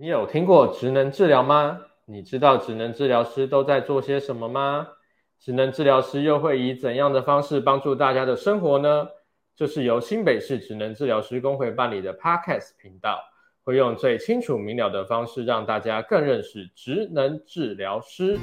你有聽過職能治療嗎？你知道職能治療師都在做些什麼嗎？職能治療師又會以怎樣的方式幫助大家的生活呢？這、就是由新北市職能治療師公會辦理的 Podcast 頻道，會用最清楚明了的方式讓大家更認識職能治療師。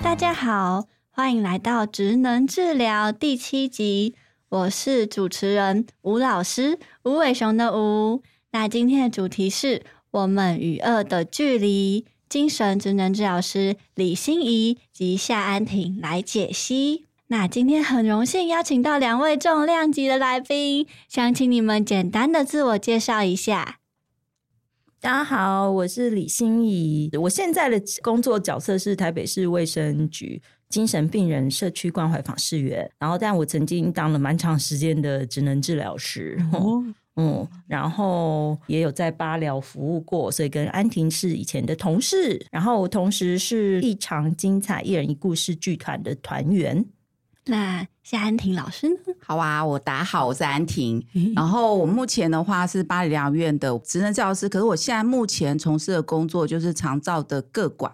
大家好。歡迎來到職能治療第七集，我是主持人吳老師，吳偉雄的吳。那今天的主題是我們與惡的距離，精神職能治療師李欣怡及夏安婷來解析。那今天很榮幸邀請到兩位重量級的來賓，想請你們簡單的自我介紹一下。大家好，我是李欣怡，我現在的工作角色是台北市衛生局。精神病人社區關懷訪視員，然後但我曾經當了蠻長時間的職能治療師，哦，嗯，然後也有在八療服務過，所以跟安婷是以前的同事，然後同時是異常精彩一人一故事劇團的團員。那夏安婷老師呢？好啊，我打好，我是安婷， 然後我目前的話是八里療養院的職能治療師，可是我現在目前從事的工作就是長照的個管。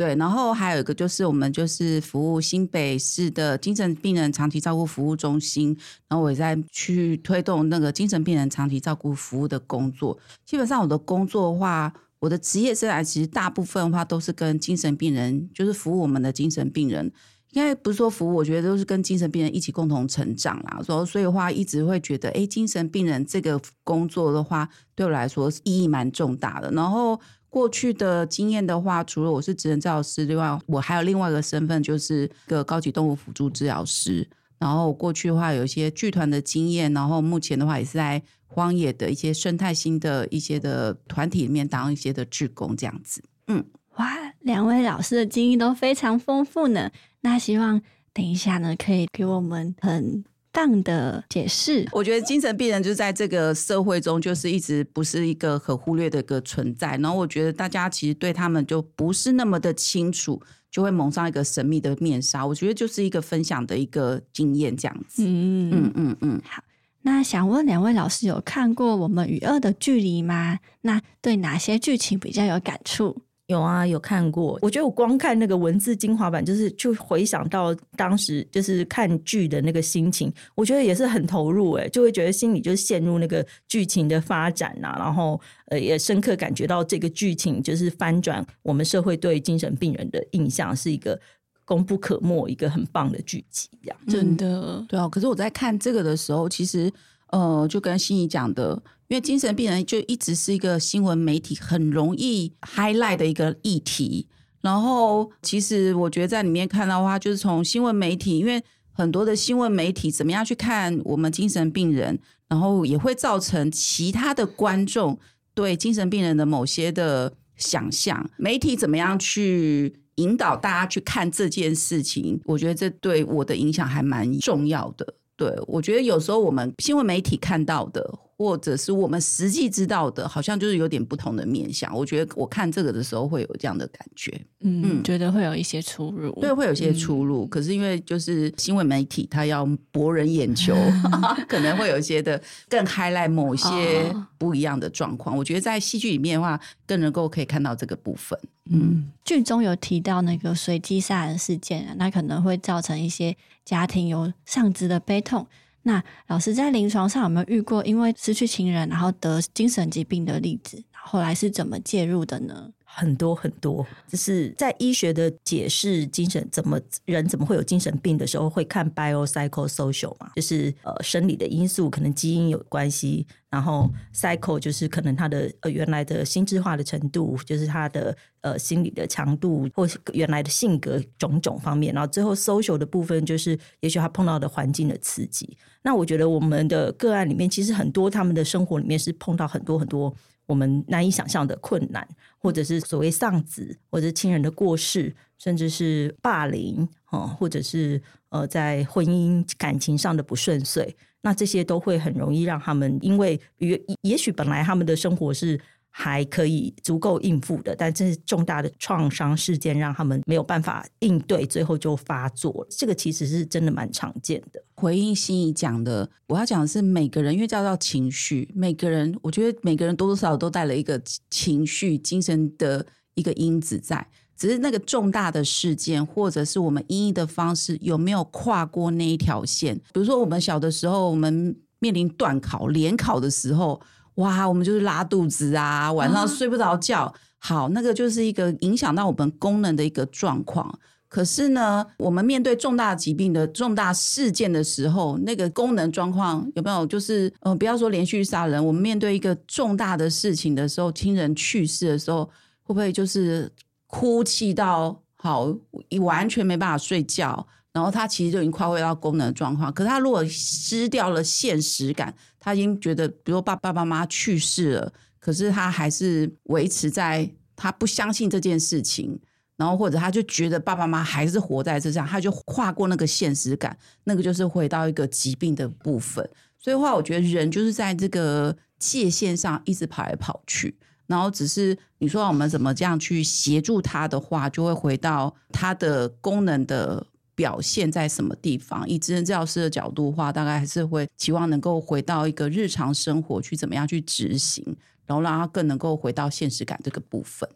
對，然後還有一個就是我們就是服務新北市的精神病人長期照顧服務中心，然後我也在去推動那個精神病人長期照顧服務的工作。基本上我的工作的話，我的職業生涯其實大部分的話都是跟精神病人，就是服務我們的精神病人。應該不是說服務，我覺得都是跟精神病人一起共同成長啦。所所以的話，一直會覺得，哎，精神病人這個工作的話，對我來說是意義蠻重大的。然後。過去的經驗的話，除了我是職能治療師之外，我還有另外一個身份，就是一個高級動物輔助治療師。然後過去的話，有一些劇團的經驗，然後目前的話也是在荒野的一些生態性的一些的團體裡面當一些的志工這樣子。嗯，哇，兩位老師的經歷都非常豐富呢。那希望等一下呢，可以給我們很。當的解釋，我覺得精神病人就在這個社會中，就是一直不是一個可忽略的一個存在。然後我覺得大家其實對他們就不是那麼的清楚，就會蒙上一個神秘的面紗。我覺得就是一個分享的一個經驗這樣子。嗯嗯嗯嗯，好，那想問兩位老師，有看過我們與惡的距離嗎？那對哪些劇情比較有感觸？有啊，有看過。我覺得我光看那個文字精華版，就是就回想到當時就是看劇的那個心情，我覺得也是很投入哎、欸，就會覺得心裡就陷入那個劇情的發展吶、啊，然後呃也深刻感覺到這個劇情就是翻轉我們社會對精神病人的印象，是一個功不可沒，一個很棒的劇集、啊嗯、真的，對啊。可是我在看這個的時候，其實呃，就跟欣怡講的。因為精神病人就一直是一個新聞媒體很容易 highlight 的一個議題，然後其實我覺得在裡面看到的話，就是從新聞媒體，因為很多的新聞媒體怎麼樣去看我們精神病人，然後也會造成其他的觀眾對精神病人的某些的想象媒體怎麼樣去引導大家去看這件事情？我覺得這對我的影響還蠻重要的。對，我覺得有時候我們新聞媒體看到的。或者是我們實際知道的，好像就是有點不同的面相。我覺得我看這個的時候會有這樣的感覺，嗯，嗯覺得會有一些出入，對、嗯，會有些出入。可是因為就是新聞媒體，它要博人眼球， 可能會有一些的更 highlight 某些不一樣的狀況。Oh. 我覺得在戲劇裡面的話，更能夠可以看到這個部分。嗯，劇中有提到那個隨機殺人事件、啊，那可能會造成一些家庭有喪子的悲痛。那老師在臨床上有沒有遇過因為失去情人然後得精神疾病的例子？後來是怎麼介入的呢？很多很多，就是在醫學的解釋精神，怎麼人怎麼會有精神病的時候，會看 bio psycho social 嘛，就是呃生理的因素，可能基因有關係，然後 psycho 就是可能他的呃原來的心智化的程度，就是他的呃心理的強度，或原來的性格種種方面，然後最後 social 的部分就是也許他碰到的環境的刺激。那我覺得我們的個案裡面，其實很多他們的生活裡面是碰到很多很多。我們難以想象的困難，或者是所謂喪子，或者是親人的過世，甚至是霸凌，呃，或者是呃，在婚姻感情上的不順遂，那這些都會很容易讓他們，因為也也許本來他們的生活是。還可以足夠應付的，但這是重大的創傷事件，讓他們沒有辦法應對，最後就發作了。這個其實是真的蠻常見的。回應欣怡講的，我要講的是每個人，因為叫到情緒，每個人我覺得每個人多多少少都帶了一個情緒、精神的一個因子在，只是那個重大的事件，或者是我們因應的方式有沒有跨過那一條線。比如說我們小的時候，我們面臨段考、聯考的時候。哇，我們就是拉肚子啊，晚上睡不着覺、啊，好，那個就是一個影響到我們功能的一個狀況。可是呢，我們面對重大疾病的重大事件的時候，那個功能狀況有沒有？就是，嗯、呃，不要說連續殺人，我們面對一個重大的事情的時候，親人去世的時候，會不會就是哭泣到好完全沒辦法睡覺？然後他其實就已經跨回到功能的狀況，可是他如果失掉了現實感，他已經覺得，比如說爸爸媽媽去世了，可是他還是維持在他不相信這件事情，然後或者他就覺得爸爸媽媽還是活在這上，他就跨過那個現實感，那個就是回到一個疾病的部分。所以話，我覺得人就是在這個界限上一直跑來跑去，然後只是你說我們怎麼這樣去協助他的話，就會回到他的功能的。表現在什麼地方？以職能治療師的角度的話，大概還是會期望能夠回到一個日常生活去，怎麼樣去執行，然後讓他更能夠回到現實感這個部分。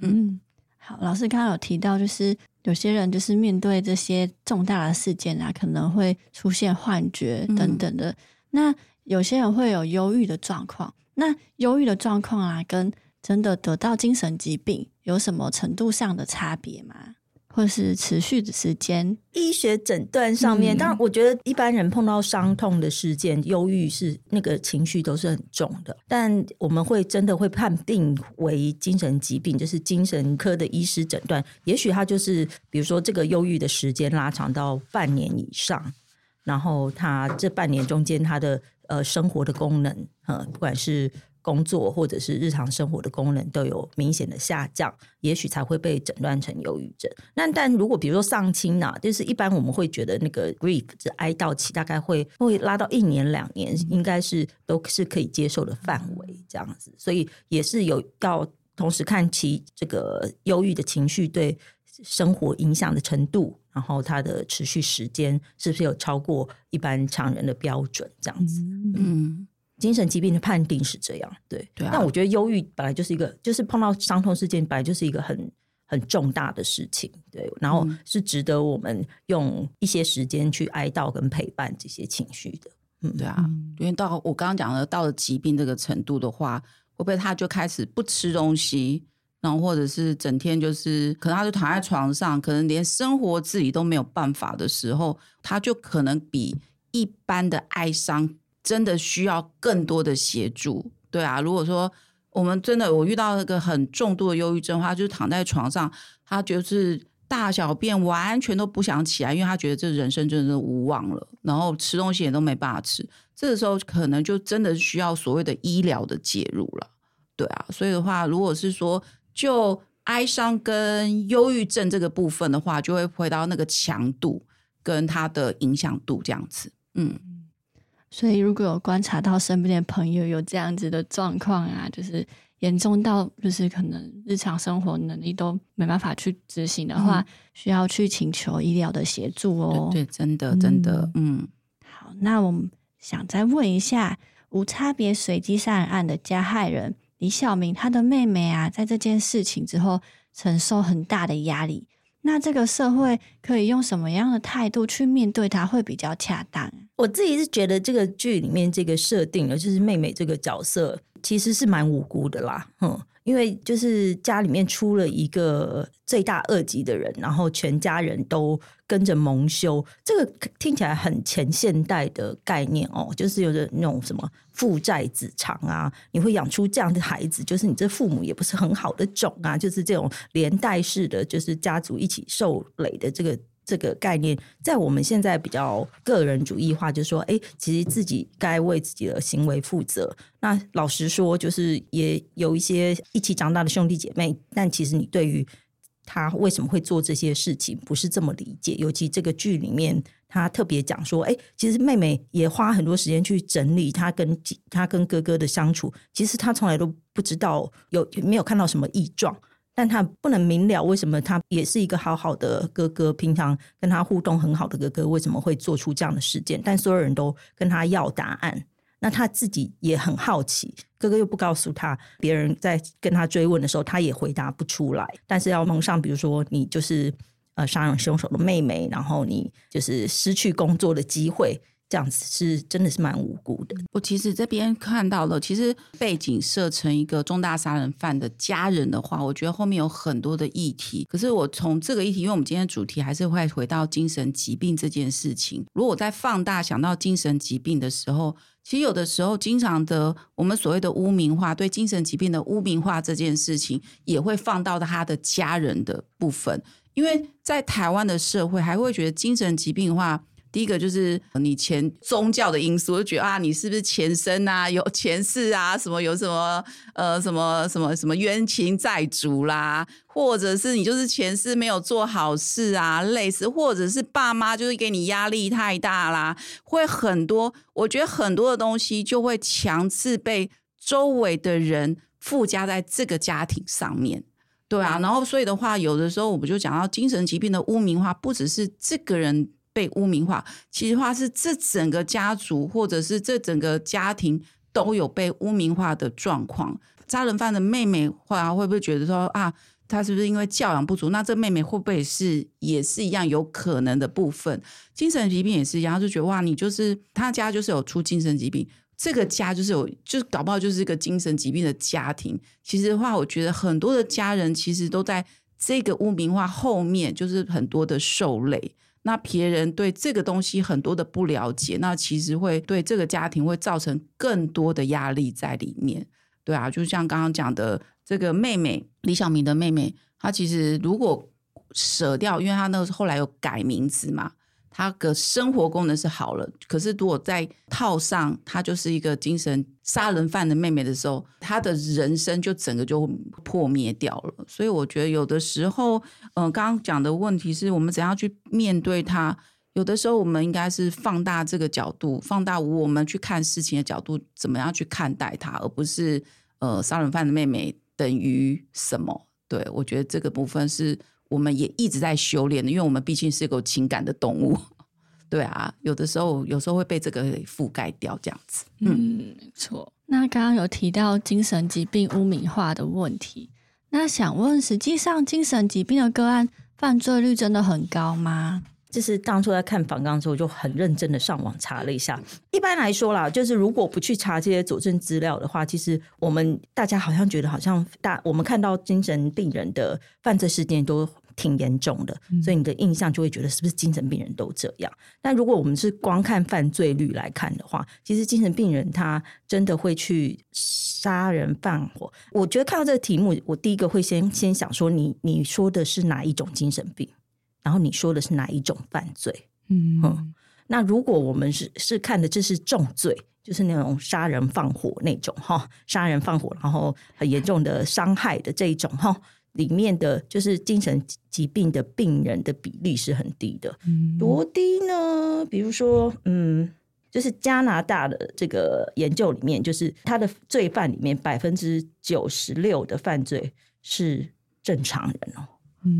嗯，嗯好，老師剛剛有提到，就是有些人就是面對這些重大的事件啊，可能會出現幻覺等等的。嗯。那有些人會有憂鬱的狀況，那憂鬱的狀況啊，跟真的得到精神疾病有什麼程度上的差別嗎？或是持續的時間，醫學診斷上面，嗯、當然，我覺得一般人碰到傷痛的事件，憂鬱是那個情緒都是很重的，但我們會真的會判定為精神疾病，就是精神科的醫師診斷，也許他就是，比如說這個憂鬱的時間拉長到半年以上，然後他這半年中間他的呃生活的功能，不管是。工作或者是日常生活的功能都有明顯的下降，也許才會被診斷成憂鬱症。那但如果比如說喪親呢，就是一般我們會覺得那個 grief，是哀悼期大概會會拉到一年兩年，應該是都是可以接受的範圍，這樣子。所以也是有要同時看其這個憂鬱的情緒對生活影響的程度，然後它的持續時間是不是有超過一般常人的標準這樣子。嗯。嗯精神疾病的判定是這樣，對，但、啊、我覺得憂鬱本來就是一個，就是碰到傷痛事件，本來就是一個很很重大的事情，對，然後是值得我們用一些時間去哀悼跟陪伴這些情緒的，嗯，對啊、嗯，因為到我剛剛講的到了疾病這個程度的話，會不會他就開始不吃東西，然後或者是整天就是可能他就躺在床上，可能連生活自理都沒有辦法的時候，他就可能比一般的哀傷。真的需要更多的協助，對啊。如果說我們真的我遇到那個很重度的憂鬱症的話，他就是躺在床上，他就是大小便完全都不想起來，因為他覺得這人生真的是無望了，然後吃東西也都沒辦法吃。這個時候可能就真的需要所謂的醫療的介入了，對啊。所以的話，如果是說就哀傷跟憂鬱症這個部分的話，就會回到那個強度跟它的影響度這樣子，嗯。所以，如果有觀察到身邊的朋友有這樣子的狀況啊，就是嚴重到就是可能日常生活能力都沒辦法去執行的話，嗯、需要去請求醫療的協助哦。對，對，真的，嗯，真的，嗯。好，那我們想再問一下，無差別隨機殺人案的加害人李小明，他的妹妹啊，在這件事情之後承受很大的壓力，那這個社會可以用什麼樣的態度去面對他會比較恰當？我自己是覺得這個劇裡面這個設定呢，就是妹妹這個角色其實是蠻無辜的啦，嗯，因為就是家裡面出了一個罪大惡極的人，然後全家人都跟着蒙羞，這個聽起來很前現代的概念哦，就是有的那種什麼父債子償啊，你會養出這樣的孩子，就是你這父母也不是很好的種啊，就是這種連帶式的，就是家族一起受累的這個。這個概念，在我們現在比較個人主義化，就是說，哎，其實自己該為自己的行為負責。那老實說，就是也有一些一起長大的兄弟姐妹，但其實你對於他為什麼會做這些事情，不是這麼理解。尤其這個劇裡面，他特別講說，哎，其實妹妹也花很多時間去整理她跟她跟哥哥的相處，其實她從來都不知道有沒有看到什麼異狀。但他不能明了為什麼他也是一個好好的哥哥，平常跟他互動很好的哥哥，為什麼會做出這樣的事件？但所有人都跟他要答案，那他自己也很好奇，哥哥又不告訴他，別人在跟他追問的時候，他也回答不出來。但是要蒙上，比如說你就是呃殺人兇手的妹妹，然後你就是失去工作的機會。這樣子是真的是蠻無辜的。我其實這邊看到了，其實背景設成一個重大殺人犯的家人的話，我覺得後面有很多的議題。可是我從這個議題，因為我們今天的主題還是會回到精神疾病這件事情。如果我在放大想到精神疾病的時候，其實有的時候經常的我們所謂的污名化，對精神疾病的污名化這件事情，也會放到他的家人的部分，因為在台灣的社會還會覺得精神疾病的話，第一個就是你前宗教的因素，我就覺得啊，你是不是前生啊？有前世啊？什麼有什麼呃，什麼什麼什麼，什麼冤親債主啦，或者是你就是前世沒有做好事啊，類似，或者是爸媽就是給你壓力太大啦，會很多。我覺得很多的東西就會強制被周圍的人附加在這個家庭上面，對啊。嗯，然後所以的話，有的時候我們就講到精神疾病的污名化，不只是這個人。被污名化，其實話是這整個家族或者是這整個家庭都有被污名化的狀況。殺人犯的妹妹話會不會覺得說啊，他是不是因為教養不足？那這妹妹會不會是也是也是一樣有可能的部分？精神疾病也是一樣，就覺得哇，你就是他家就是有出精神疾病，這個家就是有就是搞不好就是一個精神疾病的家庭。其實的話，我覺得很多的家人其實都在這個污名化後面，就是很多的受累。那別人對這個東西很多的不了解，那其實會對這個家庭會造成更多的壓力在裡面。對啊，就像剛剛講的這個妹妹，李曉明的妹妹，她其實如果捨掉，因為她那個後來有改名字嘛。他的生活功能是好了，可是如果再套上他就是一個精神殺人犯的妹妹的時候，他的人生就整個就破滅掉了。所以我覺得有的時候，嗯、呃，剛剛講的問題是我們怎樣去面對他。有的時候，我們應該是放大這個角度，放大我們去看事情的角度，怎麼樣去看待他，而不是呃，殺人犯的妹妹等於什麼？對，我覺得這個部分是。我們也一直在修煉的，因為我們畢竟是一個情感的動物，對啊，有的時候有時候會被這個給覆蓋掉，這樣子。嗯。嗯，沒錯。那剛剛有提到精神疾病污名化的問題，那想問，實際上精神疾病的個案犯罪率真的很高嗎？就是當初在看訪綱之後，就很認真的上網查了一下。一般來說啦，就是如果不去查這些佐證資料的話，其實我們大家好像覺得好像大我們看到精神病人的犯罪事件都挺嚴重的，所以你的印象就會覺得是不是精神病人都這樣，嗯。但如果我們是光看犯罪率來看的話，其實精神病人他真的會去殺人放火。我覺得看到這個題目，我第一個會先先想說你，你你說的是哪一種精神病？然後你說的是哪一種犯罪？嗯，嗯，那如果我們是是看的，這是重罪，就是那種殺人放火那種哈、哦，殺人放火，然後很嚴重的傷害的這一種哈、哦，裡面的就是精神疾病的病人的比例是很低的、嗯，多低呢？比如說，嗯，就是加拿大的這個研究裡面，就是他的罪犯裡面百分之九十六的犯罪是正常人哦。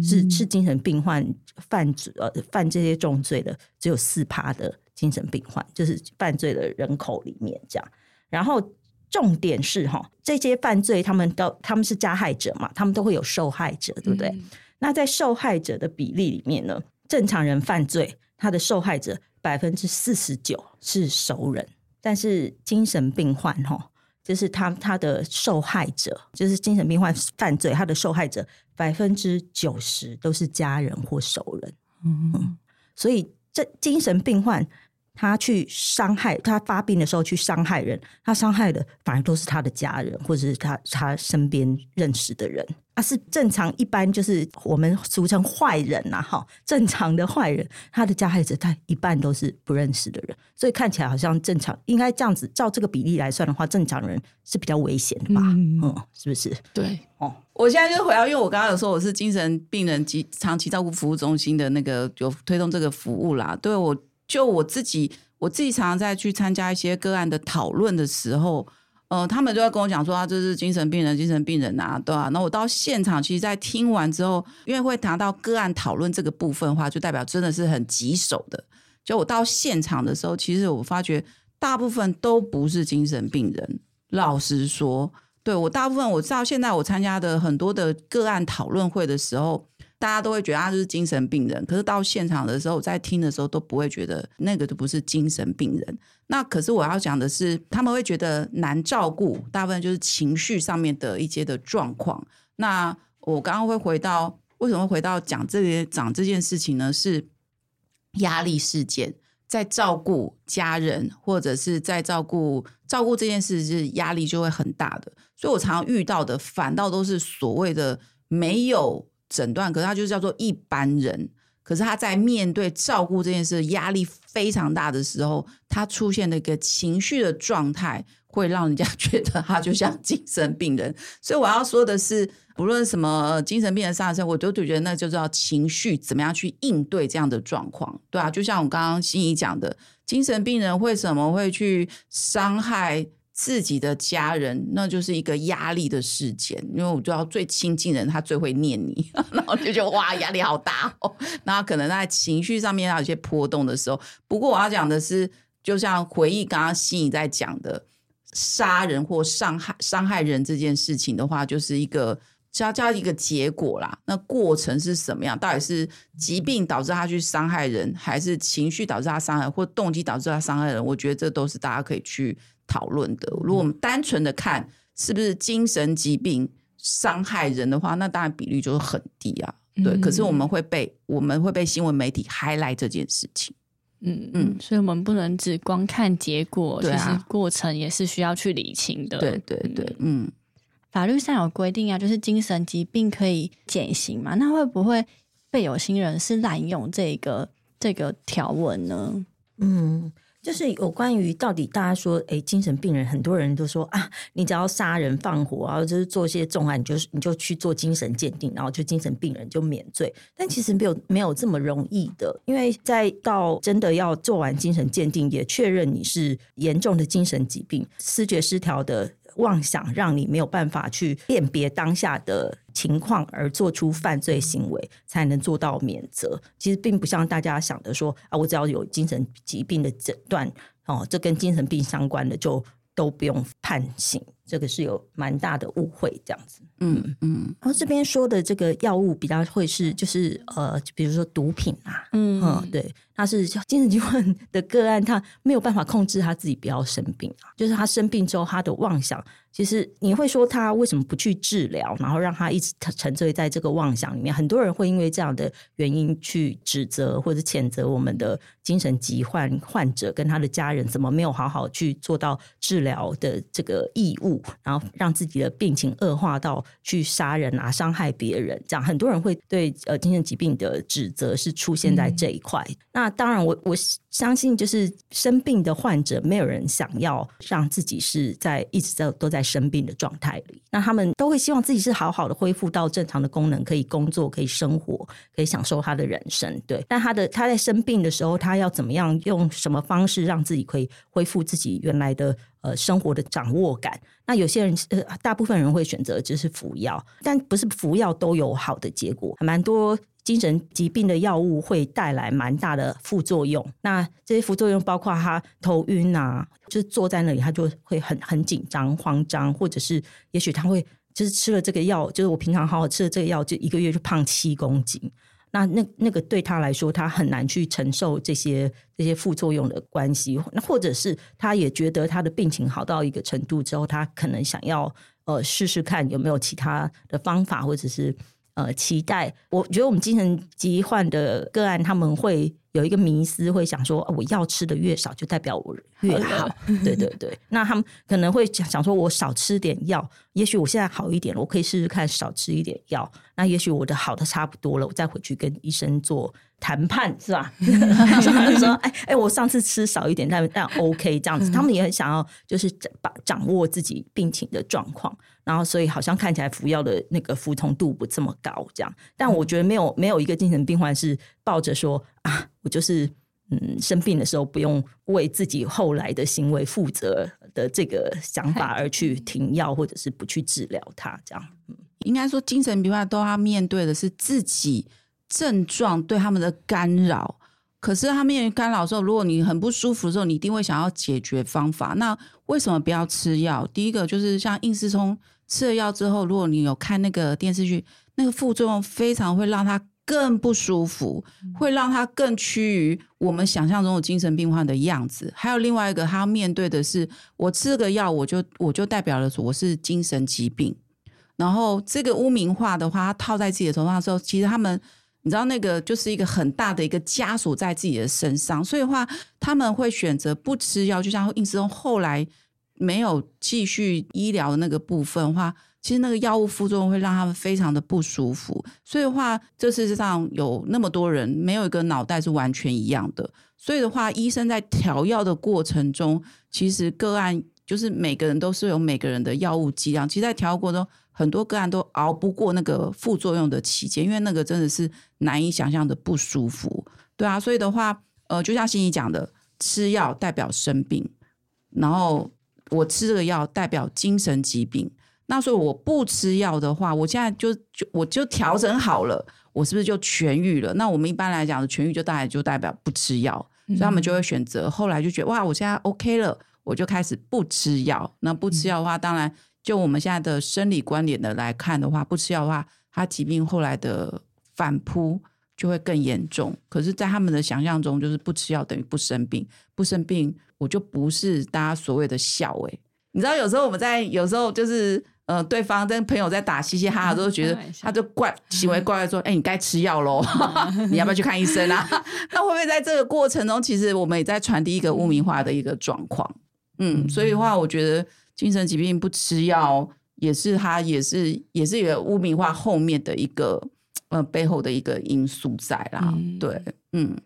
是是精神病患犯呃犯、犯這些重罪的只有四趴的精神病患，就是犯罪的人口裡面這樣。然後重點是哦，這些犯罪他們都他們是加害者嘛，他們都會有受害者，對不對？嗯。那在受害者的比例裡面呢，正常人犯罪他的受害者百分之四十九是熟人，但是精神病患哦。就是他，他的受害者，就是精神病患犯罪，他的受害者百分之九十都是家人或熟人，嗯，嗯，所以這精神病患。他去傷害，他發病的時候去傷害人，他傷害的反而都是他的家人或者是他他身邊認識的人。他、啊、是正常一般，就是我們俗稱壞人吶，哈，正常的壞人，他的加害者他一半都是不認識的人，所以看起來好像正常。應該這樣子，照這個比例來算的話，正常人是比較危險的吧？嗯，嗯，是不是？對哦，我現在就回到，因為我剛剛有說我是精神病人及長期照顧服務中心的那個有推動這個服務啦，對我。就我自己，我自己常常在去參加一些個案的討論的時候，呃，他們都在跟我講說啊，這是精神病人，精神病人啊，對啊。那我到現場，其實，在聽完之後，因為會談到個案討論這個部分的話，就代表真的是很棘手的。就我到現場的時候，其實我發覺大部分都不是精神病人。老實說，對，我大部分我知道現在我參加的很多的個案討論會的時候。大家都會覺得他就是精神病人，可是到現場的時候，我在聽的時候都不會覺得那個都不是精神病人。那可是我要講的是，他們會覺得難照顧，大部分就是情緒上面的一些的狀況。那我剛剛會回到為什麼會回到講這些講這件事情呢？是壓力事件，在照顧家人，或者是在照顧照顧這件事，是壓力就會很大的。所以我常常遇到的反倒都是所謂的沒有診斷，可是他就是叫做一般人，可是他在面對照顧這件事壓力非常大的時候，他出現的一個情緒的狀態，會讓人家覺得他就像精神病人。所以我要說的是，不論什麼精神病人上、殺人我都覺得那就是要情緒怎麼樣去應對這樣的狀況，對吧、啊？就像我剛剛欣怡講的，精神病人為什麼會去傷害？自己的家人，那就是一個壓力的事件，因為我知道最親近人他最會念你，然後就覺得哇，壓力好大哦。那可能在情緒上面，他有些波動的時候。不過我要講的是，就像回憶剛剛欣怡在講的，殺人或傷害傷害人這件事情的話，就是一個叫叫一個結果啦。那過程是什麼樣？到底是疾病導致他去傷害人，還是情緒導致他傷害，或動機導致他傷害人？我覺得這都是大家可以去。討論的，如果我們單純的看是不是精神疾病傷害人的話，那當然比率就是很低啊。對，嗯、可是我們會被我們會被新聞媒體 highlight 這件事情。嗯嗯，所以我們不能只光看結果，啊，其實過程也是需要去理清的。對對對嗯，嗯。法律上有規定啊，就是精神疾病可以減刑嘛？那會不會被有心人是濫用這個這個條文呢？嗯。就是有關於到底大家說，哎、欸，精神病人，很多人都說啊，你只要殺人放火啊，然後，就是做一些重案，你就你就去做精神鑑定，然後就精神病人就免罪。但其實沒有沒有這麼容易的，因為在到真的要做完精神鑑定，也確認你是嚴重的精神疾病，思覺失調的，妄想讓你沒有辦法去辨別當下的情況，而做出犯罪行為，才能做到免責。其實並不像大家想的說啊，我只要有精神疾病的診斷，哦，這跟精神病相關的就都不用判刑。這個是有蠻大的誤會，這樣子。嗯嗯，然後這邊說的這個藥物比較會是就是呃，比如說毒品啊嗯、嗯，對，他是精神疾患的個案，他沒有辦法控制他自己不要生病啊，就是他生病之後他的妄想，其實你會說他為什麼不去治療，然後讓他一直沉醉在這個妄想裡面？很多人會因為這樣的原因去指責或者譴責我們的精神疾患患者跟他的家人怎麼沒有好好去做到治療的這個義務，然後讓自己的病情惡化到。去殺人啊，傷害別人，這樣很多人會對呃，精神疾病的指責是出現在這一塊。嗯。那當然我，我我相信就是生病的患者，沒有人想要讓自己是在一直在都在生病的狀態裡。那他們都會希望自己是好好的恢復到正常的功能，可以工作，可以生活，可以享受他的人生。對，但他的他在生病的時候，他要怎麼樣用什麼方式讓自己可以恢復自己原來的呃生活的掌握感？那有些人，呃，大部分人會選擇就是服藥，但不是服藥都有好的結果，還蠻多。精神疾病的藥物會帶來蠻大的副作用，那這些副作用包括他頭暈啊，就是坐在那裡他就會很很緊張、慌張，或者是也許他會就是吃了這個藥，就是我平常好好吃的這個藥，就一個月就胖七公斤。那那那個對他來說，他很難去承受這些這些副作用的關係，那或者是他也覺得他的病情好到一個程度之後，他可能想要呃試試看有沒有其他的方法，或者是。呃，期待。我覺得我們精神疾患的個案，他們會有一個迷思，會想說，呃、我藥吃的越少，就代表我越好。對對對， 那他們可能會想說，我少吃點藥，也許我現在好一點了，我可以試試看少吃一點藥。那也許我的好的差不多了，我再回去跟醫生做，談判是吧？ 說哎哎、欸欸，我上次吃少一點，但但 OK，這樣子，他們也很想要，就是掌把掌握自己病情的狀況，然後所以好像看起來服藥的那個服從度不這麼高，這樣。但我覺得沒有沒有一個精神病患是抱着說啊，我就是嗯生病的時候不用為自己後來的行為負責的這個想法而去停藥或者是不去治療他這樣。應該說，精神病患都要面對的是自己。症狀對他們的干擾，可是他面臨干擾之後，如果你很不舒服的時候，你一定會想要解決方法。那為什麼不要吃藥？第一個就是像應思聰吃了藥之後，如果你有看那個電視劇，那個副作用非常會讓他更不舒服，嗯、會讓他更趨於我們想象中的精神病患的樣子。還有另外一個，他要面對的是我吃這個藥，我就我就代表了我是精神疾病。然後這個污名化的話，他套在自己的頭上的時候，其實他們。你知道那個就是一個很大的一個枷鎖在自己的身上，所以的話，他們會選擇不吃藥。就像應思聰後來沒有繼續醫療的那個部分的話，其實那個藥物副作用會讓他們非常的不舒服。所以的話，這世界上有那麼多人沒有一個腦袋是完全一樣的，所以的話，醫生在調藥的過程中，其實個案就是每個人都是有每個人的藥物劑量。其實，在調藥過程中。很多個案都熬不過那個副作用的期間，因為那個真的是難以想象的不舒服，對啊。所以的話，呃，就像欣怡講的，吃藥代表生病，然後我吃這個藥代表精神疾病。那所以我不吃藥的話，我現在就就我就調整好了，我是不是就痊癒了？那我們一般來講，痊癒就大概就代表不吃藥，嗯，所以他們就會選擇後來就覺得哇，我現在 OK 了，我就開始不吃藥。那不吃藥的話，嗯、當然。就我們現在的生理觀點的來看的話，不吃藥的話，他疾病後來的反撲就會更嚴重。可是，在他們的想象中，就是不吃藥等於不生病，不生病我就不是大家所謂的小誒。你知道，有時候我們在有時候就是呃，對方跟朋友在打嘻嘻哈哈，都會覺得他就怪行為怪怪說，哎，你該吃藥嘍， 你要不要去看醫生啊？那會不會在這個過程中，其實我們也在傳遞一個汙名化的一個狀況？嗯，所以的話，我覺得。精神疾病不吃藥也是它，也是，也是一個污名化後面的一個呃，背後的一個因素在啦，嗯，對，嗯，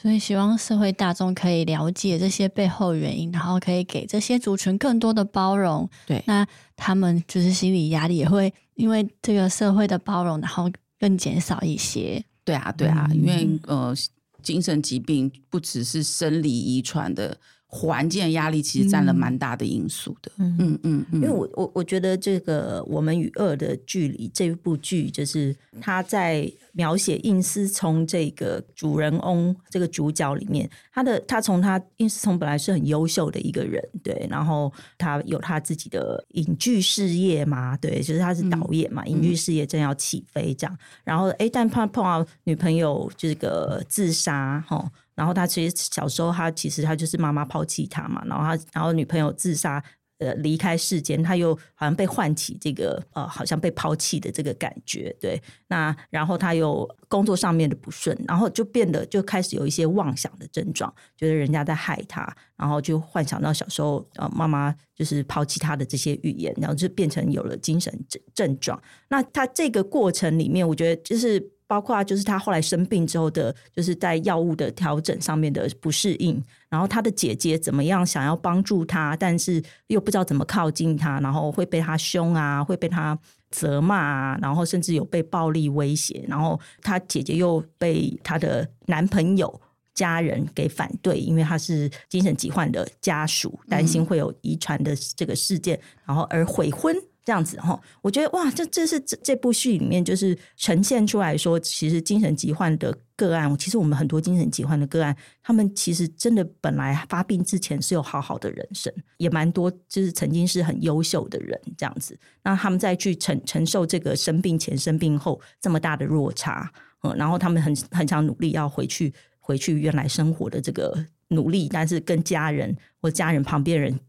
所以希望社會大眾可以了解這些背後原因，然後可以給這些族群更多的包容，對，那他們就是心理壓力也會因為這個社會的包容，然後更減少一些。對啊，對啊，嗯，因為呃，精神疾病不只是生理遺傳的。環境壓力其實占了蠻大的因素的，嗯，嗯嗯嗯，因為我我我覺得這個《我們與惡的距離》這部劇，就是他在描寫應思聰這個主人翁這個主角裡面，他的他從他應思聰本來是很優秀的一個人，對，然後他有他自己的影劇事業嘛，對，就是他是導演嘛，影劇事業正要起飛這樣，嗯、然後哎、欸，但怕碰，碰到女朋友這個自殺，哈。然後他其實小時候，他其實他就是媽媽拋棄他嘛。然後他，然後女朋友自殺，呃，離開世間，他又好像被喚起這個呃，好像被拋棄的這個感覺。對，那然後他又工作上面的不順，然後就變得就開始有一些妄想的症狀，覺得人家在害他，然後就幻想到小時候呃媽媽就是拋棄他的這些語言，然後就變成有了精神症症狀。那他這個過程裡面，我覺得就是。包括就是他後來生病之後的，就是在藥物的調整上面的不適應，然後他的姐姐怎麼樣想要幫助他，但是又不知道怎麼靠近他，然後會被他凶啊，會被他責罵啊，然後甚至有被暴力威脅，然後他姐姐又被他的男朋友家人給反對，因為他是精神疾患的家屬，擔心會有遺傳的這個事件，然後而悔婚。這樣子哈，我覺得哇，這這是這，這部戲裡面就是呈現出來說，其實精神疾患的個案，其實我們很多精神疾患的個案，他們其實真的本來發病之前是有好好的人生，也蠻多，就是曾經是很優秀的人，這樣子。那他們再去承承受這個生病前，生病後這麼大的落差，然後他們很很想努力要回去回去原來生活的這個努力，但是跟家人或家人旁邊人。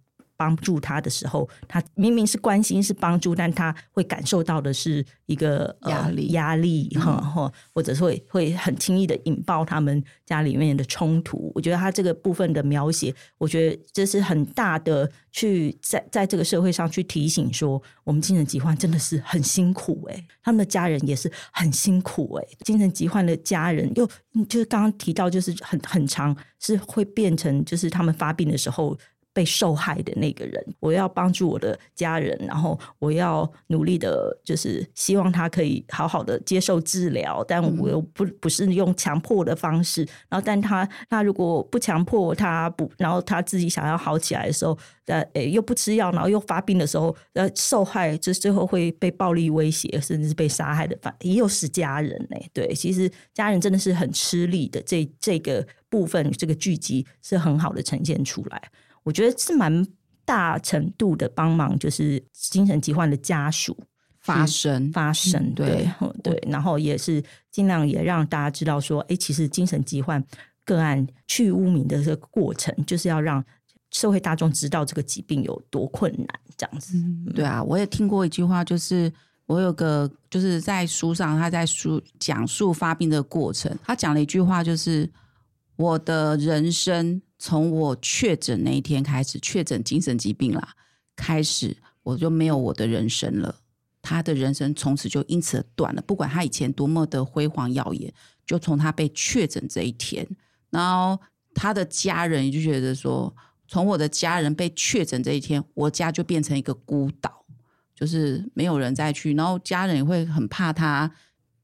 幫助他的時候，他明明是關心是幫助，但他會感受到的是一個壓力壓力，呃壓力嗯、或者是會會很輕易的引爆他們家裡面的衝突。我覺得他這個部分的描寫，我覺得這是很大的，去在在這個社會上去提醒說，我們精神疾患真的是很辛苦、欸、他們的家人也是很辛苦哎、欸，精神疾患的家人又就是剛剛提到，就是很很長是會變成就是他們發病的時候。被受害的那個人，我要幫助我的家人，然後我要努力的，就是希望他可以好好的接受治療，但我又不不是用強迫的方式。嗯、然後，但他他如果不強迫他不，然後他自己想要好起來的時候，呃、欸，又不吃藥，然後又發病的時候，受害就最後會被暴力威脅，甚至是被殺害的，反也有是家人呢、欸。對，其實家人真的是很吃力的。這這個部分，這個劇集是很好的呈現出來。我覺得是蠻大程度的幫忙，就是精神疾患的家屬發聲、嗯、發聲，嗯、對對，對，然後也是盡量也讓大家知道說，哎、欸，其實精神疾患個案去污名的這個過程，就是要讓社會大眾知道這個疾病有多困難，這樣子、嗯。對啊，我也聽過一句話，就是我有個就是在書上，他在書講述發病的過程，他講了一句話，就是我的人生。從我確診那一天開始，確診精神疾病啦。開始我就沒有我的人生了。他的人生從此就因此而斷了。不管他以前多麼的輝煌耀眼，就從他被確診這一天，然後他的家人就覺得說，從我的家人被確診這一天，我家就變成一個孤島，就是沒有人再去。然後家人也會很怕他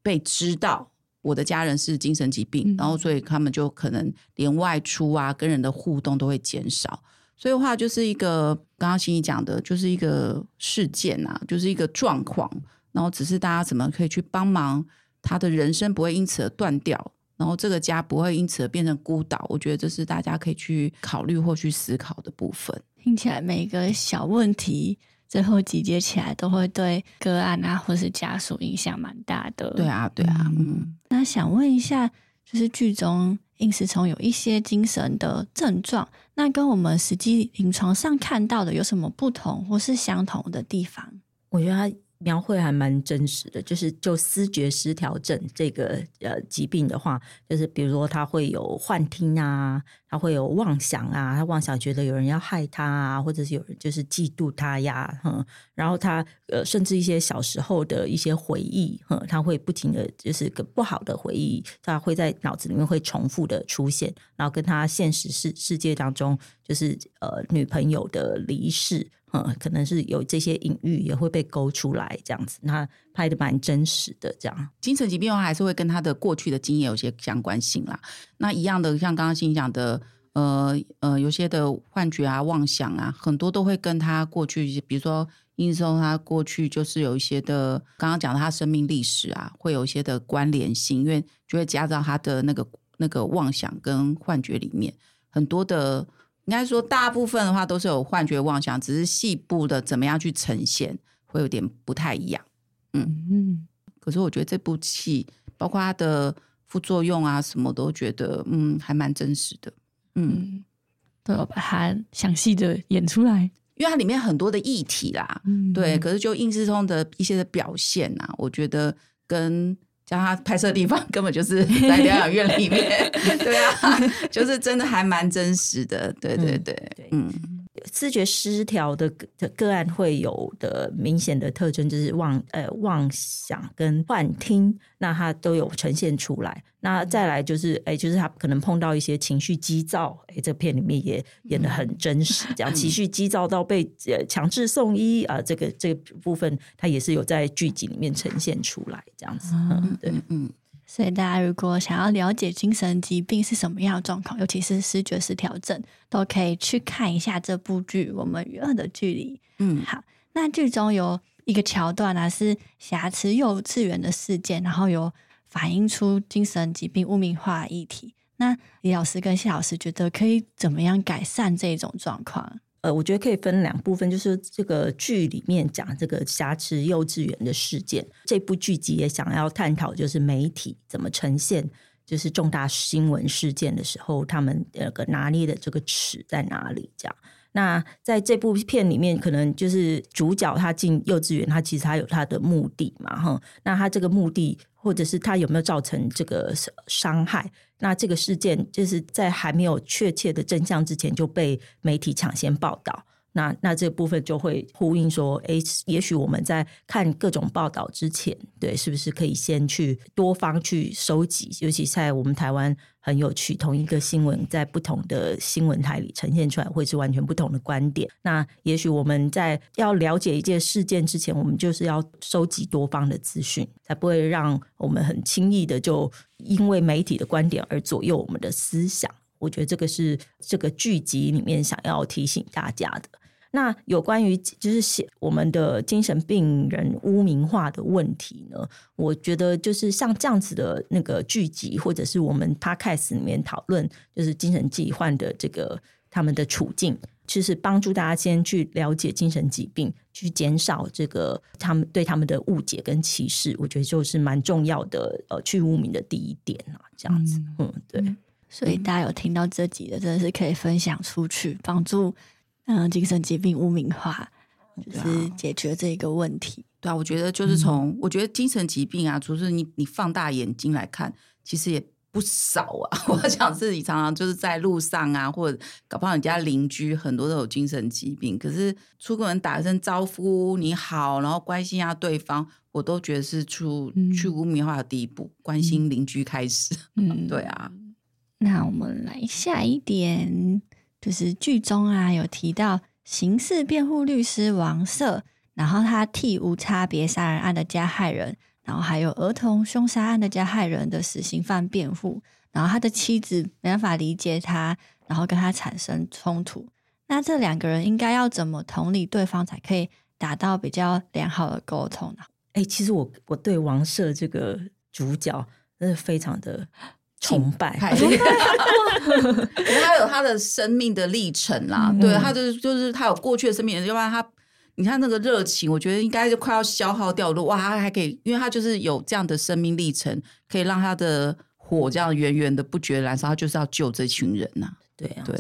被知道。我的家人是精神疾病。嗯，然後所以他們就可能連外出啊、跟人的互動都會減少。所以的話，就是一個剛剛欣怡講的，就是一個事件啊，就是一個狀況。然後只是大家怎麼可以去幫忙，他的人生不會因此而斷掉，然後這個家不會因此而變成孤島。我覺得這是大家可以去考慮或去思考的部分。聽起來每一個小問題。最後集結起來，都會對個案啊，或是家屬影響蠻大的。對啊，對啊，嗯。那想問一下，就是劇中應思聰有一些精神的症狀，那跟我們實際臨床上看到的有什麼不同，或是相同的地方？我覺得。描繪還蠻真實的，就是就思覺失調症這個呃疾病的話，就是比如說他會有幻聽啊，他會有妄想啊，他妄想覺得有人要害他啊，或者是有人就是嫉妒他呀，哼、嗯。然後他呃，甚至一些小時候的一些回憶，哼、嗯，他會不停的就是個不好的回憶，他會在腦子裡面會重複的出現，然後跟他現實世世界當中就是呃女朋友的離世，嗯，可能是有這些隱喻也會被勾出來，這樣子。那拍的蠻真實的，這樣。精神疾病的話，還是會跟他的過去的經驗有些相關性啦。那一樣的，像剛剛欣怡講的，呃呃，有些的幻覺啊、妄想啊，很多都會跟他過去，比如說應松他過去就是有一些的，剛剛講的他生命歷史啊，會有一些的關聯性，因為就會加到他的那個那個妄想跟幻覺裡面很多的。應該說，大部分的話都是有幻覺妄想，只是細部的怎麼樣去呈現，會有點不太一樣。嗯嗯，可是我覺得這部戲，包括它的副作用啊，什麼都覺得，嗯，還蠻真實的。嗯，嗯對，我把它詳細的演出來，因為它裡面很多的議題啦、嗯。對，可是就影視中的一些的表現啊，我覺得跟。像他拍攝的地方根本就是在療養院裡面， 對啊，就是真的還蠻真實的，對對對，嗯。思覺失調的個案會有的明顯的特徵就是妄，呃，妄想跟幻聽，那它都有呈現出來。那再來就是哎，就是他可能碰到一些情緒激躁，哎，這片裡面也演得很真實，講情緒激躁到被，呃，強制送醫啊，呃，這個這個部分它也是有在劇集裡面呈現出來這樣子。嗯，對，嗯。所以大家如果想要了解精神疾病是什麼樣的狀況，尤其是思覺失調症，都可以去看一下這部劇《我們與惡的距離》。嗯，好，那劇中有一個橋段啊，是挾持幼稚園的事件，然後有反映出精神疾病污名化議題。那李老師跟謝老師覺得可以怎麼樣改善這種狀況？我覺得可以分兩部分，就是這個劇裡面講這個挾持幼稚園的事件，這部劇集也想要探討，就是媒體怎麼呈現，就是重大新聞事件的時候，他們那個拿捏的這個尺在哪裡？這樣。那在這部片裡面，可能就是主角他進幼稚園，他其實他有他的目的嘛，那他這個目的，或者是他有沒有造成這個傷害？那這個事件就是在還沒有確切的真相之前，就被媒體搶先報道那那這部分就會呼應說，哎、欸，也許我們在看各種報道之前，對，是不是可以先去多方去收集？尤其在我們台灣很有趣，同一個新聞在不同的新聞台裡呈現出來，會是完全不同的觀點。那也許我們在要了解一件事件之前，我們就是要收集多方的資訊，才不會讓我們很輕易的就因為媒體的觀點而左右我們的思想。我覺得這個是這個劇集裡面想要提醒大家的。那有關於就是寫我們的精神病人污名化的問題呢？我覺得就是像這樣子的那個劇集，或者是我們 podcast 裡面討論，就是精神疾患的這個他們的處境，其實幫助大家先去了解精神疾病，去減少這個他們對他們的誤解跟歧視，我覺得就是蠻重要的。呃，去污名的第一點啊，這樣子，嗯，嗯，對。所以大家有聽到這集的，真的是可以分享出去，幫助。嗯，精神疾病污名化，啊、就是解決這一個問題。對啊，我覺得就是從、嗯、我覺得精神疾病啊，就是你你放大眼睛來看，其實也不少啊。啊我想自己常常就是在路上啊，或者搞不好你家鄰居很多都有精神疾病，可是出個門打聲招呼你好，然後關心一、啊、下對方，我都覺得是出、嗯、去污名化的第一步，關心鄰居開始。嗯， 對啊。那我們來下一點。就是劇中啊有提到刑事辯護律師王赦，然後他替無差別殺人案的加害人，然後還有兒童兇殺案的加害人的死刑犯辯護，然後他的妻子沒辦法理解他，然後跟他產生衝突。那這兩個人應該要怎麼同理對方，才可以達到比較良好的溝通呢？啊？哎、欸，其實我我對王赦這個主角，那是非常的。崇拜， 因為他有他的生命的歷程啦，嗯嗯對，他就是就是他有過去的生命，要不然他你看那個熱情，我覺得應該就快要消耗掉了。哇，他還可以，因為他就是有這樣的生命歷程，可以讓他的火這樣源源的不絕燃燒，他就是要救這群人吶、啊嗯。對，對，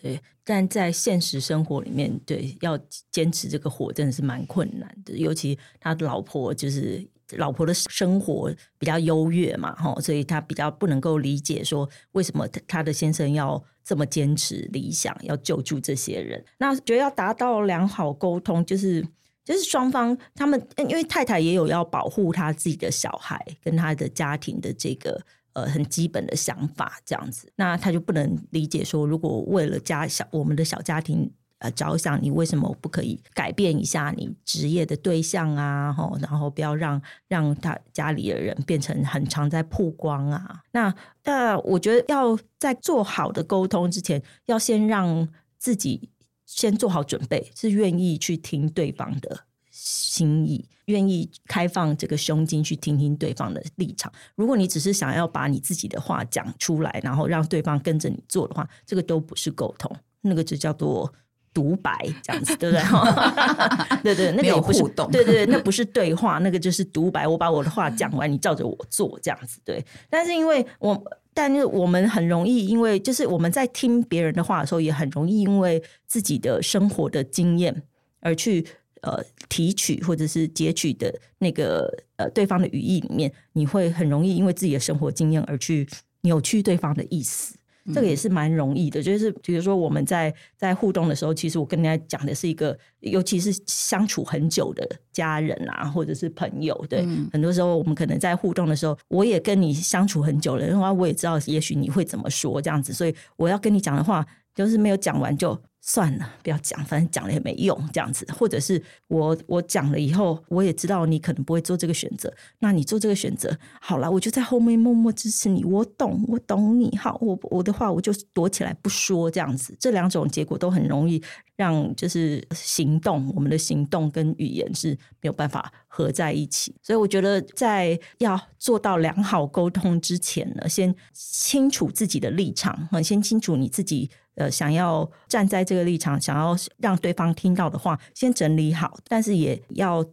對，但在現實生活裡面，對要堅持這個火真的是蠻困難的，尤其他老婆就是。老婆的生活比較優越嘛，吼，所以他比較不能夠理解說為什麼她的先生要這麼堅持理想，要救助這些人。那覺得要達到良好溝通，就是就是雙方他們，因為太太也有要保護他自己的小孩跟他的家庭的這個呃很基本的想法這樣子，那他就不能理解說如果為了家小，我們的小家庭。呃，着想，你為什麼不可以改變一下你職業的對象啊？吼，然後不要讓讓他家裡的人變成很常在曝光啊。那那，呃，我覺得要在做好的溝通之前，要先讓自己先做好準備，是願意去聽對方的心意，願意開放這個胸襟去聽聽對方的立場。如果你只是想要把你自己的話講出來，然後讓對方跟着你做的話，這個都不是溝通，那個就叫做。獨白這樣子對不 對？對對，那個不是 互動對，對對，那個、不是對話，那個就是獨白。我把我的話講完，你照着我做這樣子對。但是因為我，但是我們很容易，因為就是我們在聽別人的話的時候，也很容易因為自己的生活的經驗而去呃提取或者是截取的那個呃對方的語義裡面，你會很容易因為自己的生活經驗而去扭曲對方的意思。嗯、這個也是蠻容易的，就是比如說我們在在互動的時候，其實我跟大家講的是一個，尤其是相處很久的家人啊，或者是朋友，對，嗯、很多時候我們可能在互動的時候，我也跟你相處很久了，然後我也知道，也許你會怎麼說這樣子，所以我要跟你講的話。就是沒有講完就算了，不要講，反正講了也沒用，這樣子。或者是我我講了以後，我也知道你可能不會做這個選擇，那你做這個選擇好了，我就在後面默默支持你。我懂，我懂你。好，我我的話我就躲起來不說，這樣子。這兩種結果都很容易讓就是行動，我們的行動跟語言是沒有辦法合在一起。所以我覺得在要做到良好溝通之前呢，先清楚自己的立場，先清楚你自己。呃，想要站在這個立場，想要讓對方聽到的話，先整理好，但是也要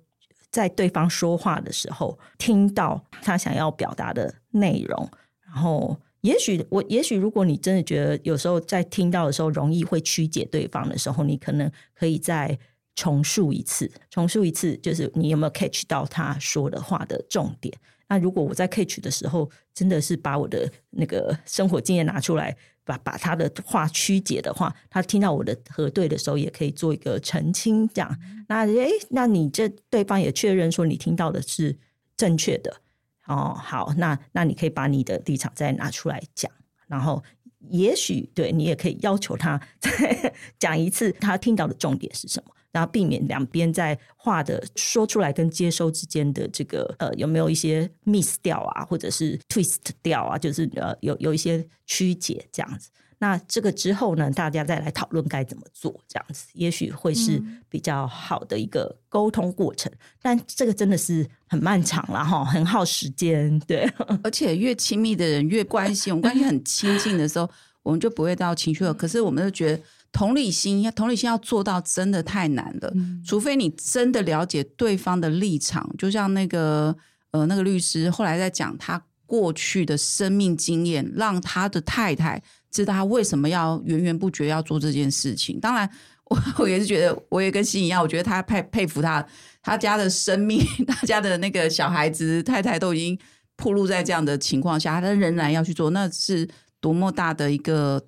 在對方說話的時候聽到他想要表達的內容。然後，也許我，也許如果你真的覺得有時候在聽到的時候容易會曲解對方的時候，你可能可以再重述一次，重述一次，就是你有沒有 catch 到他說的話的重點？那如果我在 catch 的時候，真的是把我的那個生活經驗拿出來。把把他的話曲解的話，他聽到我的核對的時候，也可以做一個澄清，這樣。那哎、欸，那你這對方也確認說你聽到的是正確的哦。好，那那你可以把你的立場再拿出來講，然後也許對你也可以要求他再講 一次他聽到的重點是什麼。然後避免兩邊在話的說出來跟接收之間的這個呃有沒有一些 miss 掉啊，或者是 twist 掉啊，就是呃有有一些曲解這樣子。那這個之後呢，大家再來討論該怎麼做這樣子，也許會是比較好的一個溝通過程。嗯、但這個真的是很漫長啦吼，很耗時間。對，而且越親密的人越關心，我 們關係很親近的時候， 我們就不會到情緒了。可是我們就覺得。同理心要同理心要做到真的太難了，嗯，除非你真的了解對方的立場，就像那個呃，那個律師後來在講他過去的生命經驗，讓他的太太知道他為什麼要源源不絕要做這件事情。當然，我，我也是覺得，我也跟欣怡一樣，我覺得他太佩服他，他家的生命，他家的那個小孩子、太太都已經暴露在這樣的情況下，他仍然要去做，那是多麼大的一個。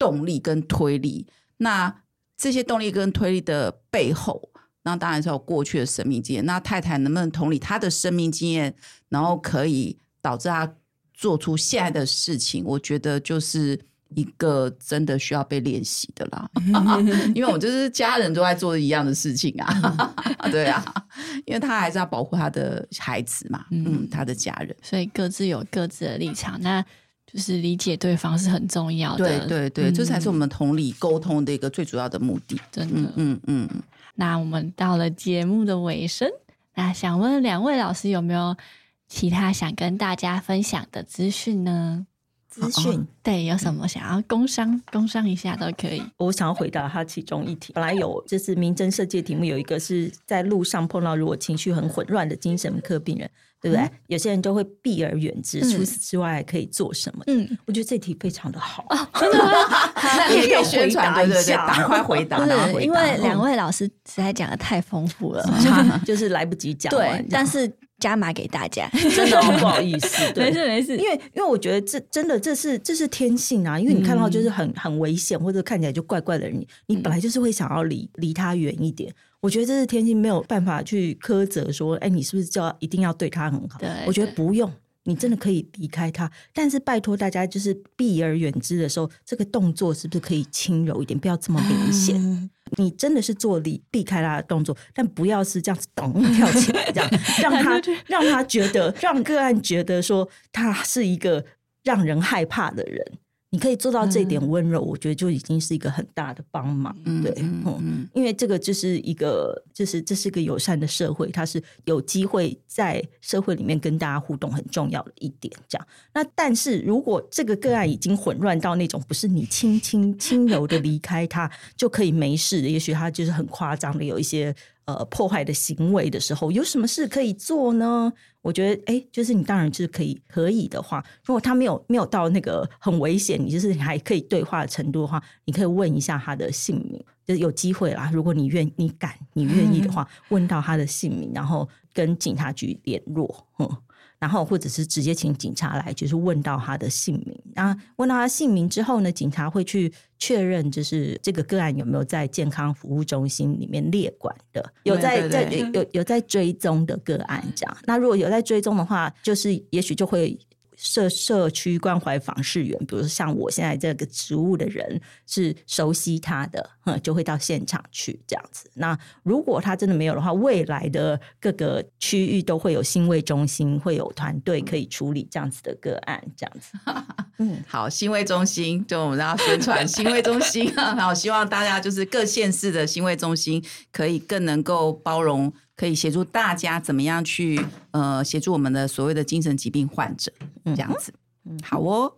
動力跟推力，那這些動力跟推力的背後，那當然是有過去的生命經驗。那太太能不能同理他的生命經驗，然後可以導致他做出現在的事情？我覺得就是一個真的需要被練習的啦、 啊。因為我就是家人都在做一樣的事情啊， 對啊，因為他還是要保護他的孩子嘛，嗯，他、嗯、的家人，所以各自有各自的立場。那。就是理解對方是很重要的，對對對，這、嗯、才、就是、是我們同理溝通的一個最主要的目的。真的，嗯嗯嗯。那我們到了節目的尾聲，那想問兩位老師有沒有其他想跟大家分享的資訊呢？資訊，oh, oh, 對，有什麼想要工商、嗯、工商一下都可以。我想要回答他其中一題，本來有就是民真設計題目有一個是在路上碰到如果情緒很混亂的精神科病人。對不對？有些人就會避而遠之。嗯、除此之外，可以做什麼？嗯，我覺得這題非常的好，哦、 那你也有回答的。趕 快回，回答，因為兩位老師實在講的太豐富了，是 就是來不及講完。對，但是 加碼給大家，真的很不好意思， 沒事沒事。因為因為我覺得這真的這是這是天性啊，因為你看到就是很、嗯、很危險或者看起來就怪怪的人，你你本來就是會想要離、嗯、離他遠一點。我覺得這是天性，沒有辦法去苛責說，哎，你是不是就要一定要對他很好對，對？我覺得不用，你真的可以離開他。嗯、但是拜托大家，就是避而遠之的時候，這個動作是不是可以輕柔一點，不要這麼明顯、嗯？你真的是做離避開他的動作，但不要是這樣子咚跳起來，這樣 讓他讓他覺得 讓個案覺得說他是一個讓人害怕的人。你可以做到這一點溫柔、嗯，我覺得就已經是一個很大的幫忙，對，嗯嗯嗯、因為這個就是一個，就是這是個友善的社會，它是有機會在社會裡面跟大家互動很重要的一點，這樣。那但是如果這個個案已經混亂到那種，不是你輕輕輕柔的離開他 就可以沒事的，也許他就是很誇張的有一些。呃，破壞的行為的時候，有什麼事可以做呢？我覺得，哎，就是你當然就是可以，可以的話，如果他沒有沒有到那個很危險，你就是你還可以對話的程度的話，你可以問一下他的姓名，就是有機會啦。如果你願，你敢，你願意的話，問到他的姓名，然後跟警察局聯絡，嗯。然後，或者是直接請警察來，就是問到他的姓名。那，問到他姓名之後呢，警察會去確認，就是這個個案有沒有在健康服務中心裡面列管的，有在對對對，在有有在追蹤的個案這樣。那如果有在追蹤的話，就是也許就會。社社區關懷訪視員，比如像我現在這個職務的人是熟悉他的，就會到現場去這樣子。那如果他真的沒有的話，未來的各個區域都會有心衛中心，會有團隊可以處理這樣子的個案，這樣子。 嗯、 好，心衛中心，就我們要宣傳心衛中心、啊。 好，希望大家就是各縣市的心衛中心可以更能夠包容。可以協助大家怎麼樣去呃協助我們的所謂的精神疾病患者這樣子，嗯嗯、好哦，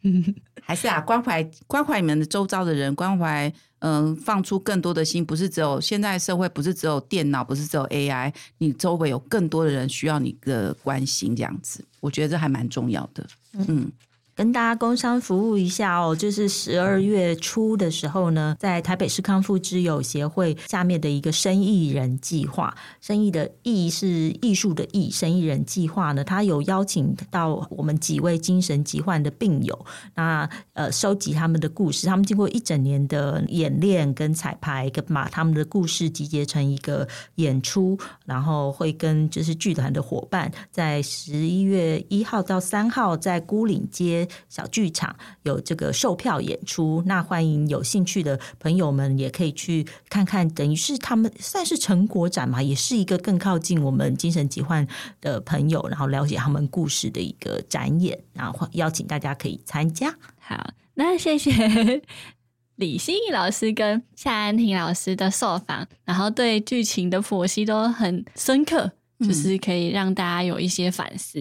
還是啊關懷關懷你們的周遭的人，關懷嗯、呃、放出更多的心，不是只有現在社會，不是只有電腦，不是只有 AI，你周圍有更多的人需要你的關心這樣子，我覺得這還蠻重要的，嗯。嗯跟大家工商服務一下哦,就是十二月初的時候呢,在台北市康復之友協會下面的一個生意人計劃，生意的藝是藝術的藝，生意人計劃呢，他有邀請到我們幾位精神疾患的病友,那呃收集他們的故事,他們經過一整年的演練跟彩排,跟把他們的故事集結成一個演出,然後會跟就是劇團的夥伴在十一月一號到三號在牯嶺街。小劇場有這個售票演出，那歡迎有興趣的朋友們也可以去看看。等於是他們算是成果展嘛，也是一個更靠近我們精神疾患的朋友，然後了解他們故事的一個展演。然後邀、邀請大家可以參加。好，那謝謝李欣怡老師跟夏安婷老師的受訪，然後對劇情的剖析都很深刻，嗯，就是可以讓大家有一些反思。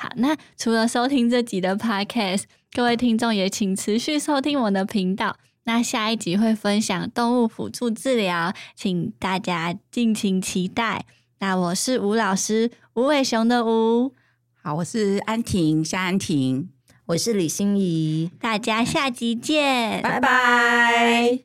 好，那除了收聽這集的 podcast，各位聽眾也請持續收聽我的頻道。那下一集會分享動物輔助治療，請大家敬請期待。那我是吳老師，吳偉雄的吳。好，我是安婷，夏安婷，我是李欣怡，大家下集見，拜拜。